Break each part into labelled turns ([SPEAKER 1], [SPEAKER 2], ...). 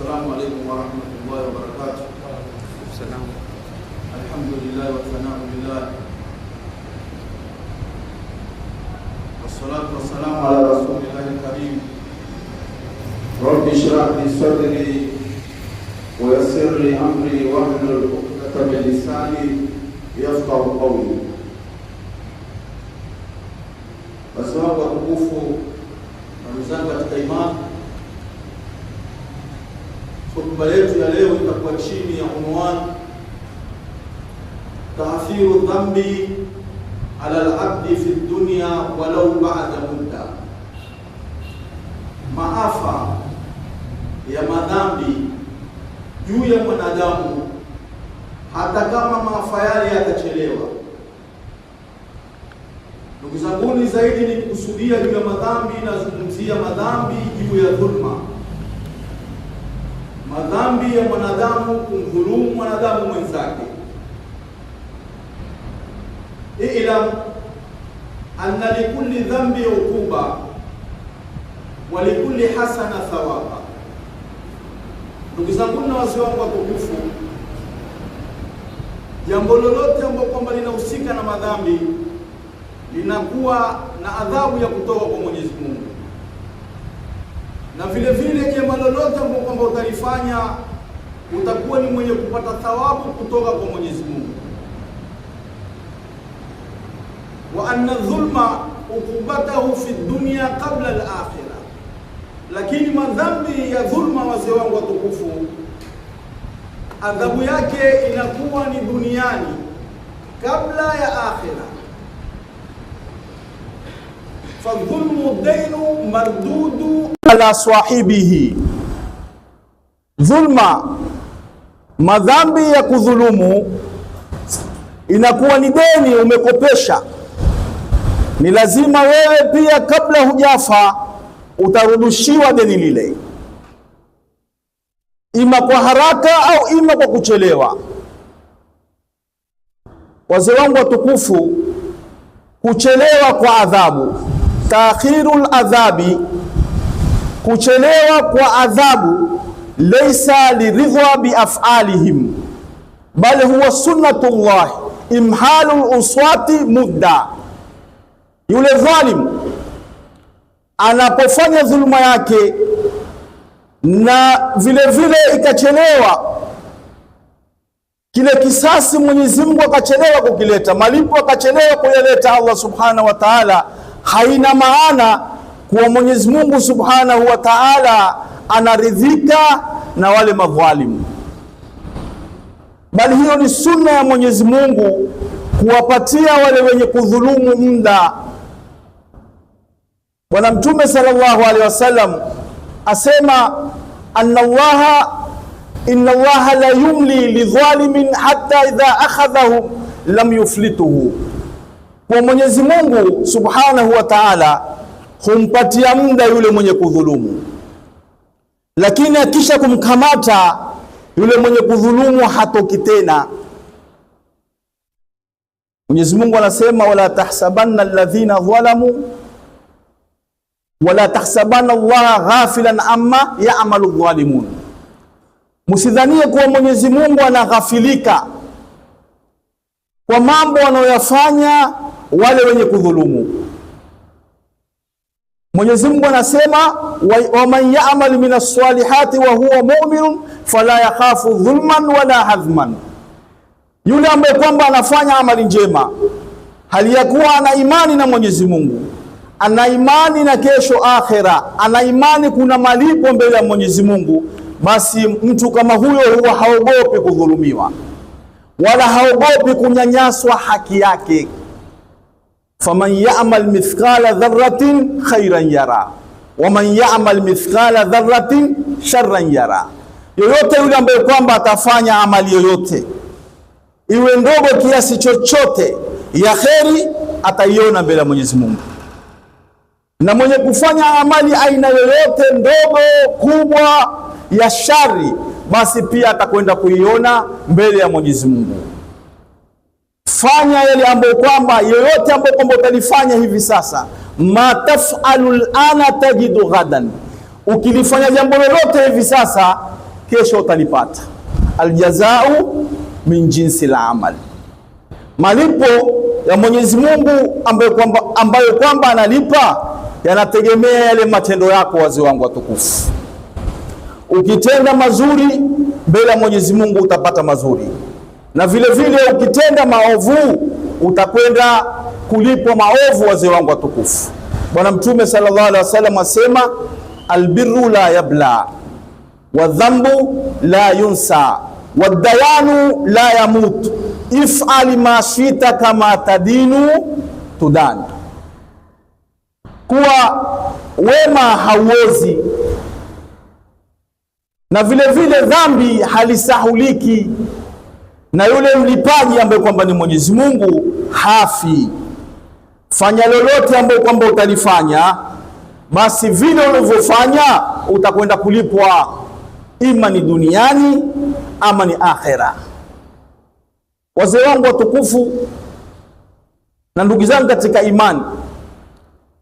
[SPEAKER 1] السلام عليكم ورحمة الله وبركاته السلام
[SPEAKER 2] الحمد لله والثناء لله والصلاة والسلام على رسول الله الكريم رب اشرح لي صدري kwa chini ya unwani tahdhiru dhambi ala labdi fi dunia walau ba'da mudda, maafa ya madhambi juu ya mwanadamu hata kama maafa yale yatachelewa. Ndugu zanguni, zaidi ni kukusudia juu ya madhambi, nazungumzia madhambi juu ya dhulma madhambi ya mwanadamu kumdhulumu mwanadamu mwenzake. Ilam anna likulli dhambi ukuba wa likulli hasana thawaba. Ndugu zangu na wazee wangu watukufu, jambo lolote ambalo kwamba linahusika na madhambi linakuwa na adhabu ya kutoka kwa Mwenyezi Mungu na vile vile jema lolote ambalo kwamba utalifanya utakuwa ni mwenye kupata thawabu kutoka kwa Mwenyezi Mungu. wa anna dhulma ukubatahu fi dunya qabla al-akhirah, lakini madhambi ya dhulma, wazee wangu watukufu, adhabu yake inakuwa ni duniani kabla ya akhira. Fadhulmu dainu mardudu ala sahibihi, dhulma, madhambi ya kudhulumu inakuwa ni deni, umekopesha. Ni lazima wewe pia, kabla hujafa, utarudishiwa deni lile, ima kwa haraka au ima kwa kuchelewa. Wazee wangu watukufu, kuchelewa kwa adhabu, taakhirul adhabi kuchelewa kwa adhabu laisa liridhwa biafalihim, bal huwa sunnatullah imhalu luswati mudda. Yule dhalimu anapofanya dhuluma yake na vile vile ikachelewa kile kisasi, Mwenyezi Mungu akachelewa kukileta, malipo akachelewa kuyaleta Allah subhanahu wa taala, haina maana kuwa Mwenyezi Mungu Subhanahu wa Ta'ala anaridhika na wale madhalimu, bali hiyo ni sunna ya Mwenyezi Mungu kuwapatia wale wenye kudhulumu muda. Bwana Mtume sallallahu alaihi wasallam asema anna Allaha inna Allaha la yumli lidhalimin hatta idha akhadhahu lam yuflituhu, kwa Mwenyezi Mungu Subhanahu wa Ta'ala humpatia muda yule mwenye kudhulumu, lakini akisha kumkamata yule mwenye kudhulumu hatoki tena. Mwenyezi Mungu anasema wala tahsabanna alladhina dhalamu wala tahsabanna Allaha ghafilan amma yaamalu dhalimun, musidhanie kuwa Mwenyezi Mungu anaghafilika kwa mambo wanayoyafanya wale wenye kudhulumu. Mwenyezi Mungu anasema man ya'mal min as-salihati wa huwa mu'minun fala yakhafu dhulman wala hadhman, yule ambaye kwamba anafanya amali njema hali ya kuwa ana imani na Mwenyezi Mungu, ana imani na kesho akhera, ana imani kuna malipo mbele ya Mwenyezi Mungu, basi mtu kama huyo huwa haogopi kudhulumiwa wala haogopi kunyanyaswa haki yake faman ya'mal mithqala dharratin khairan yara waman ya'mal mithqala dharratin sharran yara, yoyote yule ambaye kwamba atafanya amali yoyote iwe ndogo kiasi chochote ya kheri ataiona mbele ya Mwenyezi Mungu. Na mwenye kufanya amali aina yoyote ndogo kubwa ya shari, basi pia atakwenda kuiona mbele ya Mwenyezi Mungu fanya yale ambayo kwamba yoyote ambayo kwamba utalifanya hivi sasa, ma tafalu lana tajidu ghadan, ukilifanya jambo lolote hivi sasa, kesho utalipata. Aljazau min jinsi la amali, malipo ya Mwenyezi Mungu ambayo kwamba ambayo kwamba analipa yanategemea yale matendo yako. Wazee wangu watukufu, ukitenda mazuri mbele ya Mwenyezi Mungu utapata mazuri na vile vile ukitenda maovu utakwenda kulipwa maovu. Wazee wangu watukufu, Bwana Mtume sallallahu alaihi wasallam asema, albiru la yabla wadhambu la yunsa waddayanu la yamutu ifali mashita kama tadinu tudani, kuwa wema hauozi na vile vile dhambi halisahuliki na yule mlipaji ambaye kwamba ni Mwenyezi Mungu hafi. Fanya lolote ambayo kwamba utalifanya, basi vile ulivyofanya utakwenda kulipwa, ima ni duniani ama ni akhera. Wazee wangu watukufu na ndugu zangu katika imani,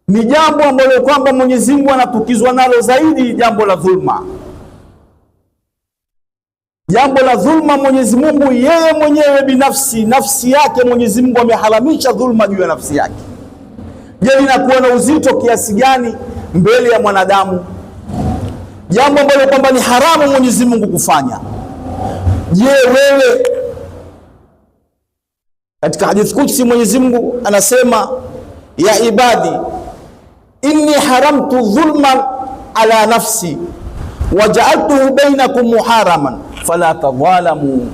[SPEAKER 2] ni jambo ambalo kwamba Mwenyezi Mungu anatukizwa nalo zaidi, jambo la dhulma jambo la dhulma. Mwenyezi Mungu yeye mwenyewe binafsi, nafsi yake Mwenyezi Mungu ameharamisha dhulma juu ya nafsi yake. Je, linakuwa na uzito kiasi gani mbele ya mwanadamu? Jambo ambalo kwamba ni haramu Mwenyezi Mungu kufanya. Je, wewe katika hadithi kutsi Mwenyezi Mungu anasema ya ibadi inni haramtu dhulma ala nafsi wajaaltuhu bainakum muharaman fala tadhalamu,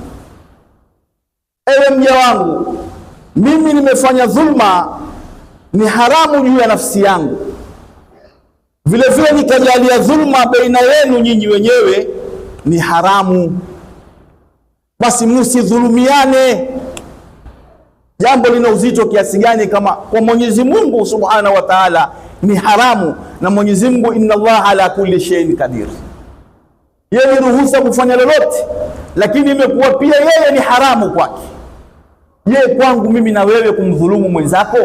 [SPEAKER 2] ewe mja wangu, mimi nimefanya dhulma, ni haramu juu ya nafsi yangu, vile vile nikajalia dhulma baina yenu nyinyi wenyewe ni haramu, basi msidhulumiane. Jambo lina uzito kiasi gani kama kwa Mwenyezi Mungu Subhanahu wa Ta'ala ni haramu, na Mwenyezi Mungu inna Allaha ala kulli shay'in qadir yeye ni ruhusa kufanya lolote, lakini imekuwa pia yeye ni haramu kwake. Je, kwangu mimi na wewe kumdhulumu mwenzako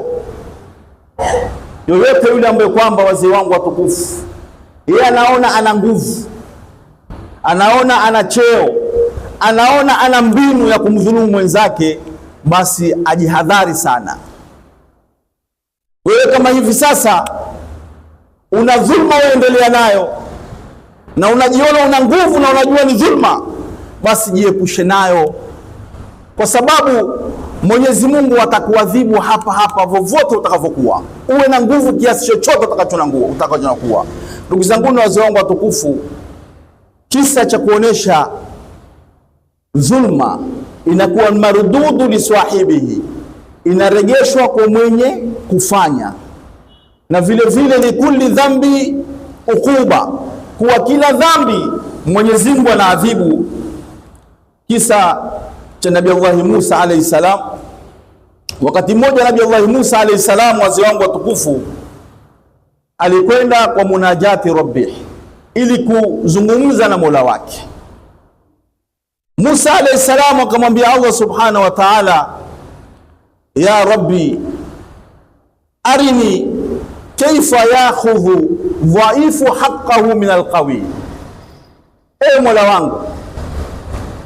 [SPEAKER 2] yoyote yule ambaye kwamba wazee wangu watukufu, yeye anaona ana nguvu, anaona ana cheo, anaona ana mbinu ya kumdhulumu mwenzake, basi ajihadhari sana. Wewe kama hivi sasa una dhulma unaendelea nayo na unajiona una nguvu na unajua ni dhulma, basi jiepushe nayo, kwa sababu Mwenyezi Mungu atakuadhibu hapa hapa vovote utakavyokuwa. Uwe na nguvu kiasi chochote kuwa. Ndugu zangu na wazee wangu watukufu, kisa cha kuonesha dhulma inakuwa marududu li sahibihi, inarejeshwa kwa mwenye kufanya, na vile vile likuli dhambi ukuba kuwa kila dhambi Mwenyezi Mungu anaadhibu. Kisa cha Nabii Allah Musa alayhi salam. Wakati mmoja Nabii Allah Musa alayhi salam, wazee wangu watukufu, alikwenda kwa munajati rabbih, ili kuzungumza na mola wake. Musa alayhi salam akamwambia Allah subhanahu wa ta'ala, ya rabbi arini kaifa yakhudhu dhaifu haqqahu min alqawi, e Mola wangu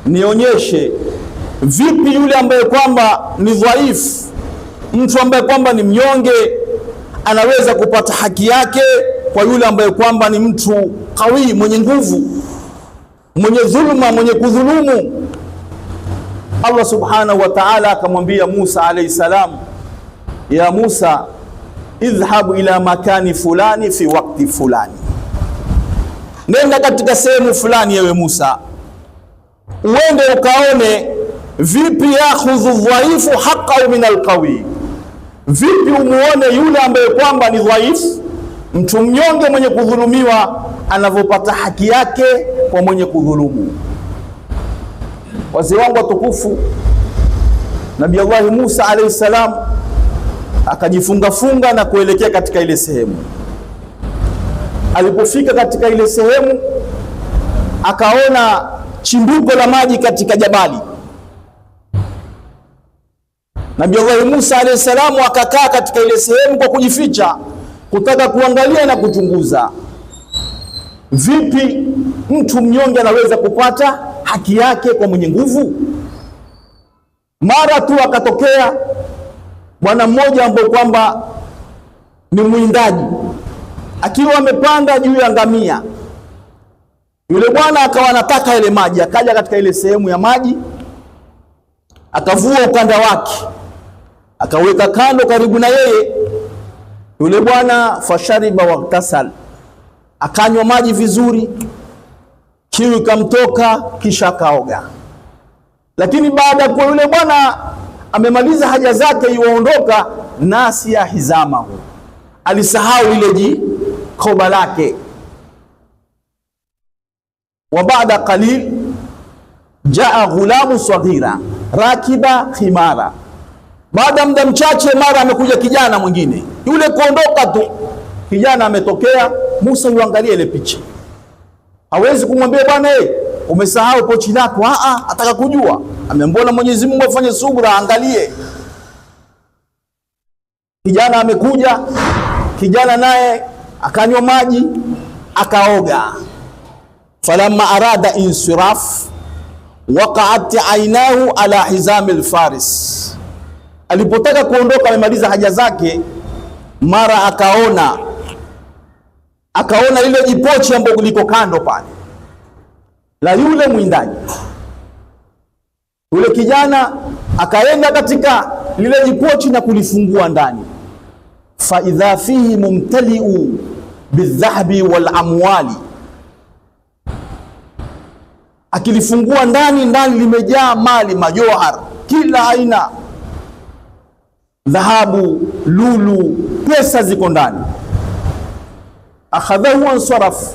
[SPEAKER 2] nionyeshe vipi yule ambaye kwamba ni dhaifu, mtu ambaye kwamba ni mnyonge anaweza kupata haki yake kwa yule ambaye kwamba ni mtu kawi, mwenye nguvu, mwenye dhuluma, mwenye kudhulumu. Allah subhanahu wa ta'ala akamwambia Musa alayhi salam, ya Musa idhhabu ila makani fulani fi wakti fulani, nenda katika sehemu fulani, yewe Musa, uende ukaone vipi yakhudhu dhaifu haqqahu min alqawi, vipi umuone yule ambaye kwamba ni dhaifu, mtu mnyonge mwenye kudhulumiwa, anavyopata haki yake kwa mwenye kudhulumu. Wazee wangu watukufu, Nabii Allahi Musa alayhi salam akajifungafunga na kuelekea katika ile sehemu. Alipofika katika ile sehemu, akaona chimbuko la maji katika jabali. Nabii Allah Musa alayhi salamu akakaa katika ile sehemu kwa kujificha, kutaka kuangalia na kuchunguza, vipi mtu mnyonge anaweza kupata haki yake kwa mwenye nguvu. Mara tu akatokea bwana mmoja ambao kwamba ni mwindaji akiwa amepanda juu ya ngamia, yule bwana akawa anataka ile maji, akaja katika ile sehemu ya maji, akavua ukanda wake akaweka kando karibu na yeye yule bwana. Fashariba waktasal, akanywa maji vizuri, kiu ikamtoka, kisha akaoga. Lakini baada ya kuwa yule bwana amemaliza haja zake, iwaondoka nasia hizamahu, alisahau lile jikoba lake. Wa baada qalil jaa ghulamu saghira rakiba khimara, baada muda mchache, mara amekuja kijana mwingine. Yule kuondoka tu kijana ametokea. Musa, yuangalia ile picha, hawezi kumwambia bwana, eh umesahau pochi lako. Aa, ah, ah, ataka kujua, amemwona Mwenyezi Mungu afanye subra, angalie kijana amekuja, kijana naye akanywa maji akaoga. falamma arada insiraf waqaat ainahu ala hizami alfaris, alipotaka kuondoka, amemaliza haja zake, mara akaona akaona lile jipochi ambalo liko kando pale la yule mwindaji. Yule kijana akaenda katika lile jipochi na kulifungua ndani, fa idha fihi mumtaliu bildhahabi wal amwali, akilifungua ndani, ndani limejaa mali, majohar, kila aina, dhahabu, lulu, pesa ziko ndani. Akhadhahu ansaraf,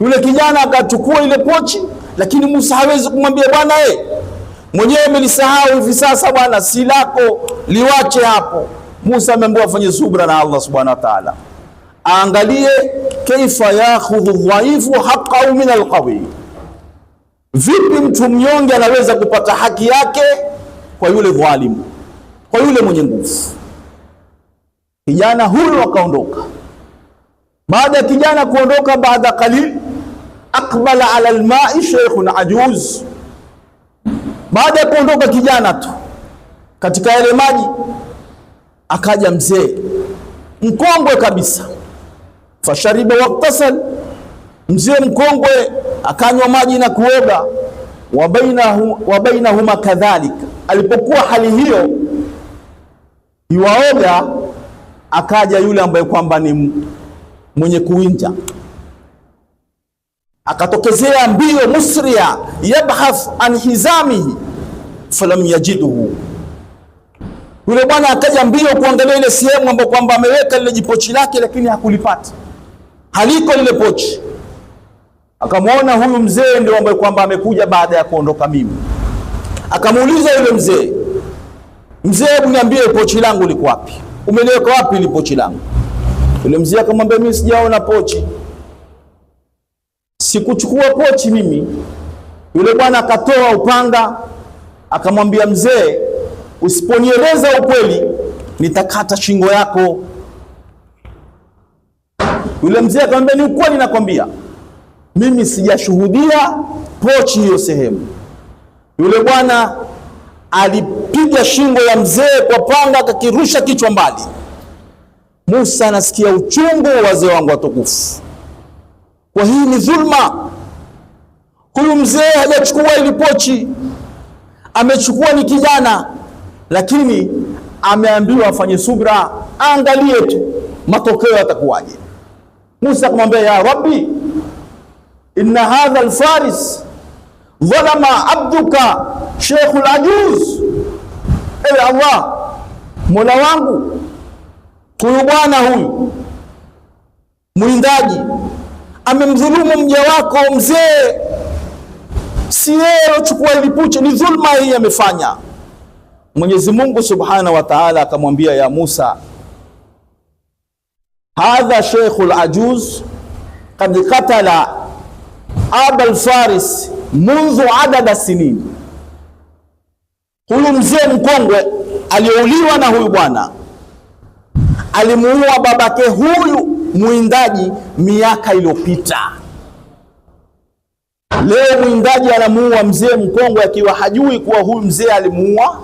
[SPEAKER 2] yule kijana akachukua ile pochi lakini Musa hawezi kumwambia bwana, eh, mwenyewe umenisahau hivi sasa bwana, si lako, liwache hapo. Musa ameambiwa afanye subra na Allah subhanahu wa ta'ala, aangalie kaifa yakhudhu dhaifu haqqahu min alqawi, vipi mtu mnyonge anaweza kupata haki yake kwa yule dhalimu, kwa yule mwenye nguvu. Kijana huyo akaondoka. Baada ya kijana kuondoka, baada kalili Akbala ala almai sheikhun ajuz, baada ya kuondoka kijana tu katika yale maji, akaja mzee mkongwe kabisa. Fashariba waktasal, mzee mkongwe akanywa maji na kuoga. Wa bainahuma kadhalik alipokuwa hali hiyo iwaoga, akaja yule ambaye kwamba ni mwenye kuwinja akatokezea mbio musria yabhath an hizamihi falam yajiduhu. Yule bwana akaja mbio kuangalia ile sehemu ambayo kwamba ameweka lile jipochi lake, lakini hakulipata, haliko lile pochi. Akamwona huyu mzee ndio ambaye kwamba amekuja baada ya kuondoka mimi. Akamuuliza yule mzee, mzee, hebu niambie pochi langu liko wapi? Umeliweka wapi ile pochi langu? Yule mzee akamwambia, mimi sijaona pochi Sikuchukua pochi mimi. Yule bwana akatoa upanga akamwambia, mzee, usiponieleza ukweli nitakata shingo yako. Yule mzee akamwambia, ni ukweli nakwambia, mimi sijashuhudia pochi hiyo sehemu. Yule bwana alipiga shingo ya mzee kwa panga, akakirusha kichwa mbali. Musa anasikia uchungu wa wazee wangu watukufu. Kwa hii ni dhulma. Huyu mzee hajachukua ili pochi, amechukua ni kijana, lakini ameambiwa afanye subra, angalie tu matokeo yatakuwaje. Musa akamwambia ya rabbi inna hadha alfaris dhalama abduka sheikhul ajuz, ewe Allah, mola wangu, huyu bwana huyu mwindaji amemdhulumu mja wako mzee, si yeye alochukua ile ni dhulma hii amefanya. Mwenyezi Mungu Subhanahu wa Ta'ala akamwambia ya Musa, hadha sheikhul ajuz kad katala abal faris mundhu adada sinin, huyu mzee mkongwe aliyouliwa na huyu bwana alimuua babake huyu mwindaji miaka iliyopita. Leo mwindaji anamuua mzee mkongwe akiwa hajui kuwa huyu mzee alimuua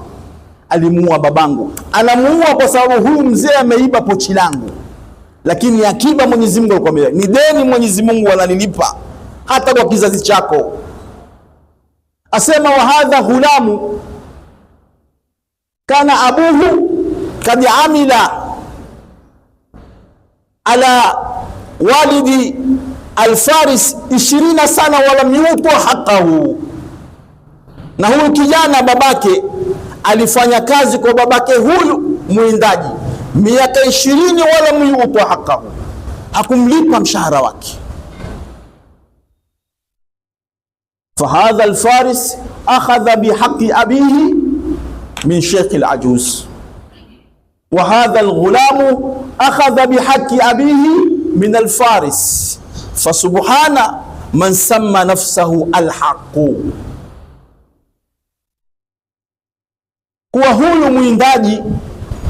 [SPEAKER 2] alimuua babangu. Anamuua kwa sababu huyu mzee ameiba pochi langu, lakini akiba Mwenyezi Mungu alikwambia Ni deni Mwenyezi Mungu ananilipa hata kwa kizazi chako. Asema wahadha hulamu kana abuhu kad amila ala walidi alfaris ishirina sana, walam yuta haqahu. Na huyu kijana babake alifanya kazi kwa babake huyu mwindaji miaka ishirini, wala yuta haqahu, hakumlipa mshahara wake. Fahadha alfaris akhadha bihaqi abihi min sheikh alajuz wa hadha alghulamu akhadha bihaqqi abihi min alfaris fasubhana man samma nafsahu alhaqu, kuwa huyu mwindaji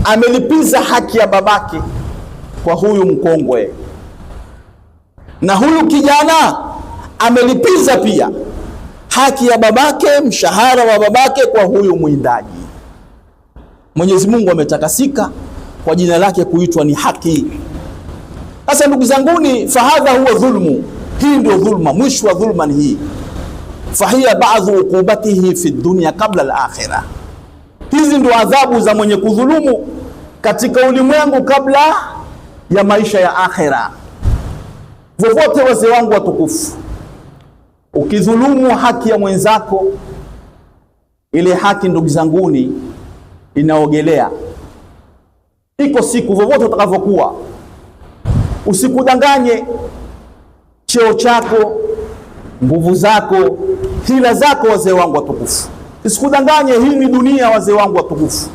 [SPEAKER 2] amelipiza haki ya babake kwa huyu mkongwe, na huyu kijana amelipiza pia haki ya babake, mshahara wa babake kwa huyu mwindaji. Mwenyezi Mungu ametakasika kwa jina lake kuitwa ni haki. Sasa ndugu zanguni, fahadha huwa dhulmu, hii ndio dhulma. Mwisho wa dhulma ni hii, fahiya baadhu uqubatihi fi dunya kabla al-akhirah. Hizi ndio adhabu za mwenye kudhulumu katika ulimwengu kabla ya maisha ya akhera. Vovote wazee wangu watukufu, ukidhulumu haki ya mwenzako, ile haki ndugu zanguni inaogelea. Iko siku vyovyote utakavyokuwa, usikudanganye cheo chako, nguvu zako, hila zako, wazee wangu watukufu. Usikudanganye, hii ni dunia, wazee wangu watukufu.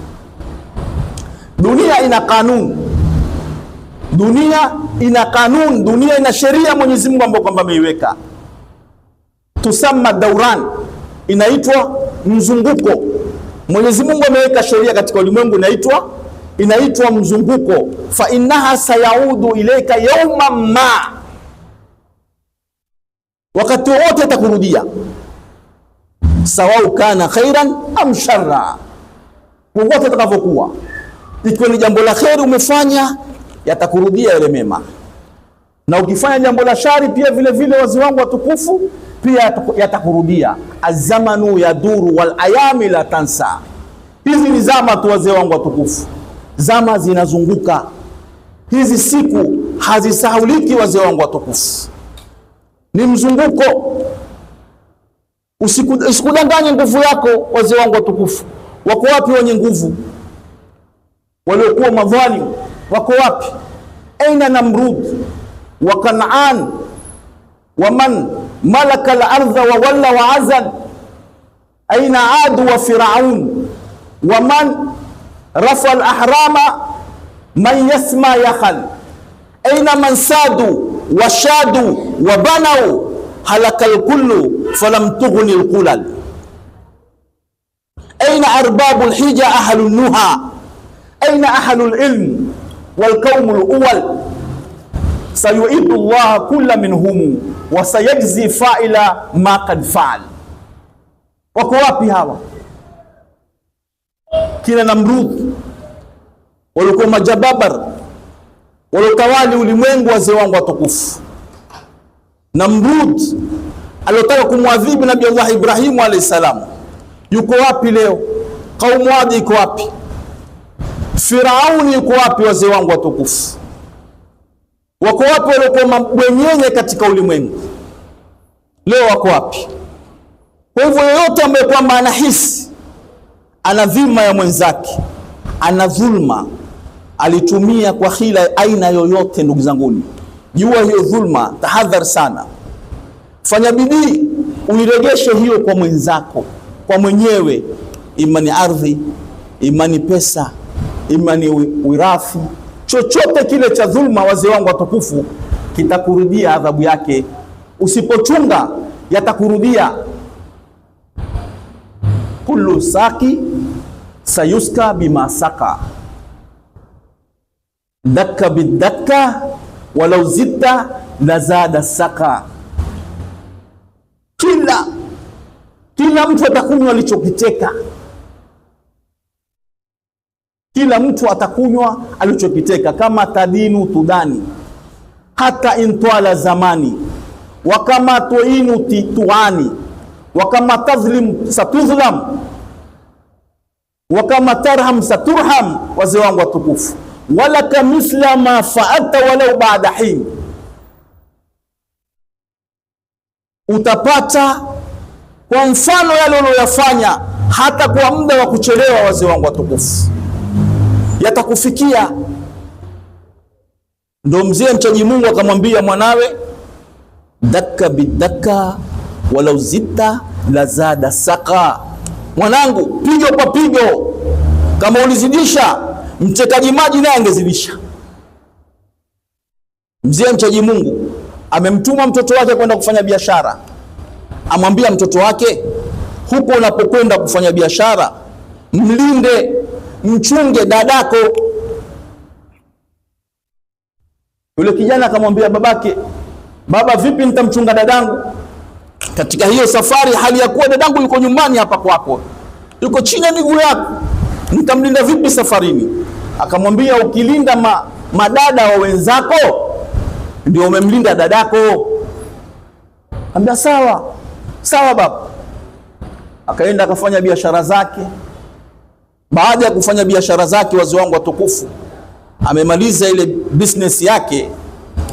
[SPEAKER 2] Dunia ina kanuni, dunia ina kanuni, dunia ina sheria Mwenyezi Mungu ambayo kwamba ameiweka, tusamma dauran, inaitwa mzunguko Mwenyezi Mungu ameweka sheria katika ulimwengu inaitwa inaitwa mzunguko, fa innaha sayaudu ilaika yauma ma, wakati wowote atakurudia, sawau kana khairan am sharra, wowote atakavyokuwa, ikiwa ni jambo la kheri umefanya yatakurudia yale mema, na ukifanya jambo la shari pia vile vile, wazi wangu watukufu pia yatakurudia. Azamanu yaduru wal ayami la tansa. Hizi ni zama tu, wazee wangu watukufu, zama zinazunguka, hizi siku hazisahuliki, wazee wangu watukufu, ni mzunguko. Usikudanganye nguvu yako, wazee wangu watukufu. Wako wapi wenye nguvu? Waliokuwa madhalimu wako wapi? Aina Namrud wa Kanaan ومن ملك الأرض وولى وعزل أين عاد وفرعون ومن رفع الأحرام من يسمى يخل أين من سادوا وشادوا وبنوا هلك الكل فلم تغن القلل أين أرباب الحجة أهل النهى أين أهل العلم والقوم الأول sayuidu Allah kulla minhumu wa sayajzi faila ma kad faal. Wako wapi hawa kina Namrud? Walikuwa majababar walotawali ulimwengu, wazee wangu watukufu. Namrud aliotaka kumwadhibu Nabii Allah Ibrahimu alayhi salam, yuko wapi leo? Kaumu Adi iko wapi? Firauni yuko wapi? Wazee wangu watukufu Wako wapi waliokuwa mabwenyenye katika ulimwengu leo? Wako wapi? Kwa hivyo yoyote ambaye kwamba anahisi ana dhima ya mwenzake, ana dhulma, alitumia kwa hila aina yoyote, ndugu zanguni, jua hiyo dhulma, tahadhari sana, fanya bidii uiregeshe hiyo kwa mwenzako, kwa mwenyewe, imani ardhi, imani pesa, imani wirathi chochote kile cha dhulma, wazee wangu watukufu, kitakurudia adhabu yake. Usipochunga yatakurudia. Kullu saki sayuska bima saka dakka bidakka walau zidta lazada saka, kila kila mtu atakunywa alichokiteka. Kila mtu atakunywa alichokiteka, kama tadinu tudani hata intwala zamani, wa kama tuinu tituani, wa kama tadhlim satudhlam, wa kama tarham saturham. Wazee wangu watukufu, walaka misla ma faata walau baada hin, utapata kwa mfano yale uliyoyafanya hata kwa muda wa kuchelewa. Wazee wangu watukufu yatakufikia. Ndo mzee mchaji Mungu akamwambia mwanawe, dhaka bidhaka walau zidta lazada saka, mwanangu, pigo kwa pigo, kama ulizidisha mtekaji maji naye angezidisha. Mzee mchaji Mungu amemtuma mtoto wake kwenda kufanya biashara, amwambia mtoto wake, huko unapokwenda kufanya biashara mlinde mchunge dadako. Yule kijana akamwambia babake, baba, vipi nitamchunga dadangu katika hiyo safari, hali ya kuwa dadangu yuko nyumbani hapa kwako, yuko chini ya miguu yako, nitamlinda vipi safarini? Akamwambia, ukilinda ma, madada wa wenzako ndio umemlinda dadako. Ambia sawa sawa baba. Akaenda akafanya biashara zake. Baada ya kufanya biashara zake, wazee wangu watukufu, amemaliza ile business yake,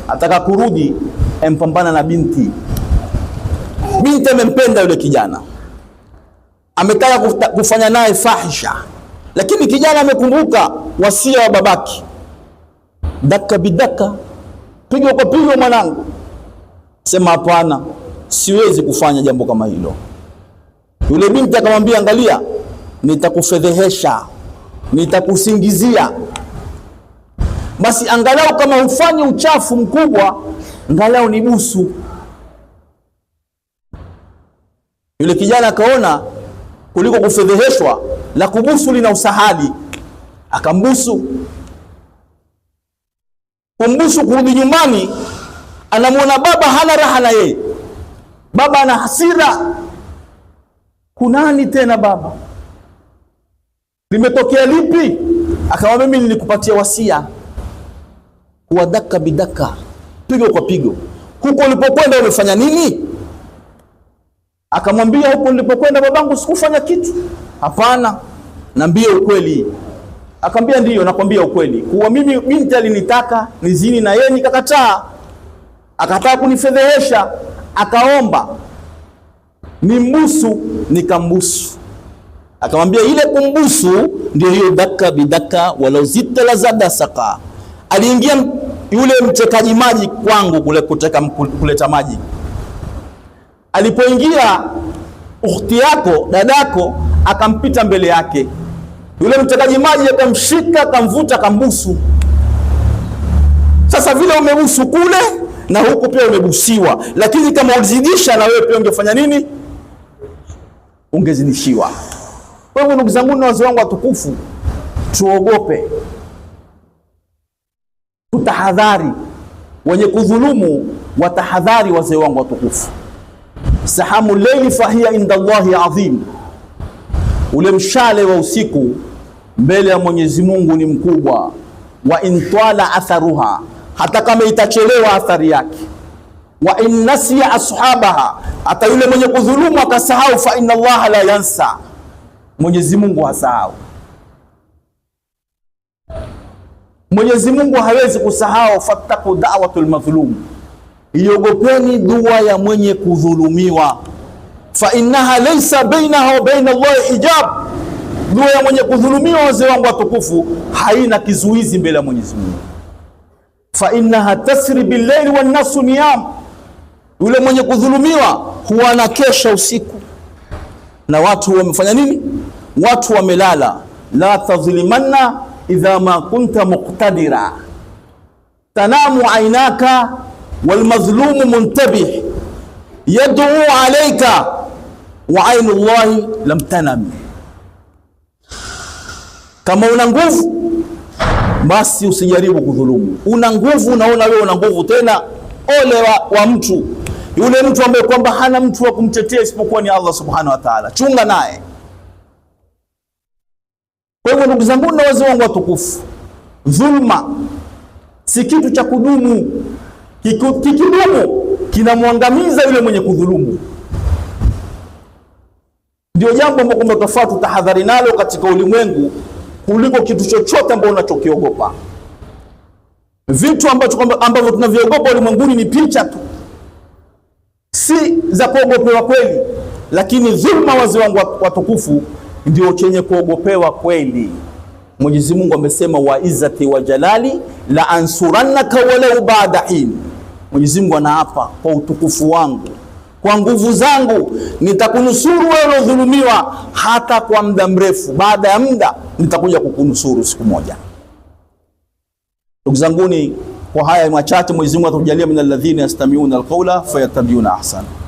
[SPEAKER 2] ataka kurudi, empambana na binti. Binti amempenda yule kijana, ametaka kufanya naye fahisha, lakini kijana amekumbuka wasia wa babaki, daka bidaka, pigwa kwa pigo, mwanangu. Sema hapana, siwezi kufanya jambo kama hilo. Yule binti akamwambia, angalia nitakufedhehesha, nitakusingizia. Basi angalau kama ufanye uchafu mkubwa, angalau ni busu. Yule kijana akaona kuliko kufedheheshwa la kubusu lina usahali, akambusu. Kumbusu, kurudi nyumbani, anamwona baba hana raha na yeye, baba ana hasira. Kunani tena baba limetokea lipi? Akawa mimi nilikupatia wasia wa daka bidaka, pigo kwa pigo. Huko ulipokwenda umefanya nini? Akamwambia, huko nilipokwenda babangu sikufanya kitu. Hapana, naambia ukweli. Akamwambia, ndiyo, nakwambia ukweli kuwa mimi binti alinitaka nizini na yeye nikakataa, akataka kunifedhehesha, akaomba nimbusu, nikambusu akamwambia ile kumbusu ndio hiyo dhaka bidhaka walau zita la zada saka. Aliingia yule mtekaji maji kwangu kule kuteka kuleta maji. Alipoingia ukhti yako dadako akampita mbele yake, yule mtekaji maji akamshika akamvuta akambusu. Sasa vile umebusu kule na huku pia umebusiwa, lakini kama ulizidisha na wewe pia ungefanya nini? Ungezidishiwa. Kwa hivyo ndugu zangu na wazee wangu watukufu, tuogope, tutahadhari. Wenye kudhulumu watahadhari, wazee wangu watukufu. Sahamu leili fahiya inda Allahi adhim, ule mshale wa usiku mbele ya Mwenyezi Mungu ni mkubwa. Wa intwala atharuha, hata kama itachelewa athari yake. Wa in nasiya ashabaha, hata yule mwenye kudhulumu akasahau. Fa inna Allaha la yansa Mwenyezi Mungu hasahau. Mwenyezi Mungu hawezi kusahau. Fattaku da'watul madhlum, iogopeni dua ya mwenye kudhulumiwa. Fa innaha laysa bainaha wa baina Allah hijab, dua ya mwenye kudhulumiwa, wazee wangu watukufu, haina kizuizi mbele ya Mwenyezi Mungu. Fa innaha tasri billaili nasu niyam, yule mwenye kudhulumiwa huwa anakesha usiku na watu wamefanya nini? watu wamelala. La tadhlimanna idha ma kunta muqtadira tanamu ainaka walmadhlumu muntabih yad'u alayka wa ainu llahi lam tanam, kama una nguvu basi usijaribu kudhulumu. Una nguvu, unaona wewe una nguvu tena, ole wa, wa mtu yule mtu ambaye kwamba hana mtu wa kumtetea isipokuwa ni Allah subhanahu wa ta'ala. Chunga naye. Kwa hivyo ndugu zangu na wazee wangu watukufu, dhulma si kitu cha kudumu. Kikidumu kinamwangamiza yule mwenye kudhulumu. Ndio jambo ambalo kwamba tafaa tutahadhari nalo katika ulimwengu kuliko kitu chochote ambacho unachokiogopa. Vitu ambavyo tunaviogopa ulimwenguni ni picha tu, si za kuogopewa kweli. Lakini dhulma, wazee wangu watukufu ndio chenye kuogopewa kweli. Mwenyezi Mungu amesema wa izati wa jalali la ansurannaka walau ba'da hin. Mwenyezi Mungu anaapa kwa utukufu wangu, kwa nguvu zangu nitakunusuru wewe uliodhulumiwa, hata kwa muda mrefu. Baada ya muda nitakuja kukunusuru siku moja. Ndugu zanguni, kwa haya machache Mwenyezi Mungu atujalia, min alladhina yastami'una alqawla fayattabi'una ahsana.